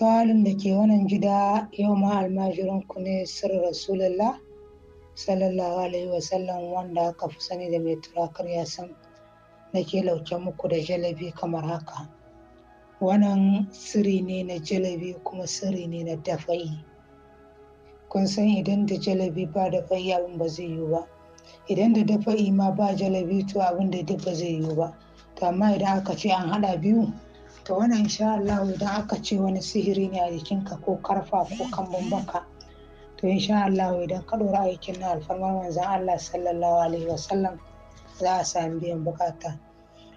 Tuwalin da ke wannan gida yau ma ku ne sir Rasulullah sallallahu alaihi wasallam wanda aka fi sani da mai turakar ya san da ke lauke muku da jalabi kamar haka. Wannan sirri ne na jalabi kuma sirri ne na dafa'i. Kun san idan da jalabi ba fai abin ba zai yiwu ba. Idan da dafa'i ma ba jalabi to abin da duk ba zai yiwu ba. To amma idan aka ce an haɗa biyu to wannan insha Allah idan aka ce wani sihiri ne a jikinka ko karfa ko kan bambanka to insha Allah idan ka ɗora aikin na alfarmar wanzan Allah sallallahu alaihi wa sallam za a sami biyan bukata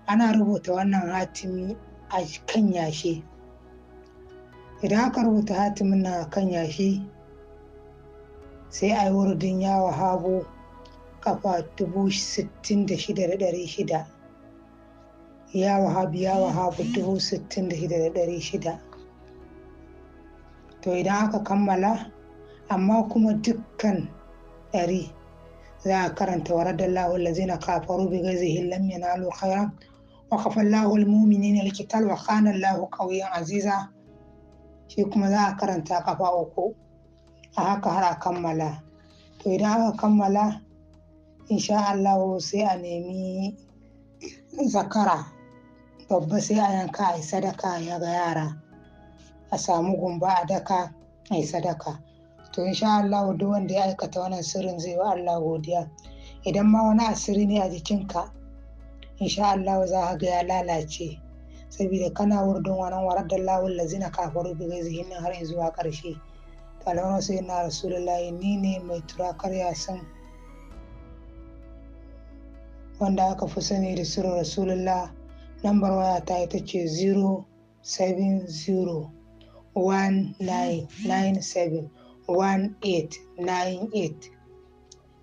ana rubuta wannan hatimi a kan yashi idan aka rubuta hatimin na a kan yashi sai a yi wurdin yawa hagu kafa dubu sittin da shida da ɗari shida ya wahabu ya dubu sittin da shida da ɗari shida to idan aka kammala amma kuma dukkan ɗari za a karanta waradar lahul lazina kafaru bi gazihin lam yanalu khairan wa kafan lahul muminin alkital wa kanan lahu ƙauyen aziza shi kuma za a karanta kafa uku a haka har a kammala to idan aka kammala insha Allah sai a nemi zakara babba sai a yanka a yi sadaka ya ga yara a samu gumba a daka a yi sadaka to insha Allah duk wanda ya aikata wannan sirrin zai wa Allah godiya idan ma wani asiri ne a jikinka insha Allah za ka ga ya lalace saboda kana wurdun wani warar da lawun lazina kafaru bi gaizihin har a ƙarshe to alhamdu sai na rasulullahi ni ne mai turakar yasin wanda aka fi sani da sirrin rasulullah lambar wayata ita ce shi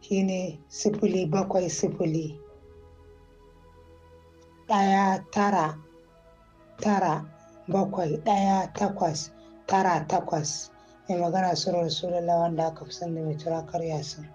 shine sifili bakwai sifili ɗaya tara tara bakwai ɗaya takwas tara takwas mai magana surar lawan da aka fi sanda mai turakar yasin.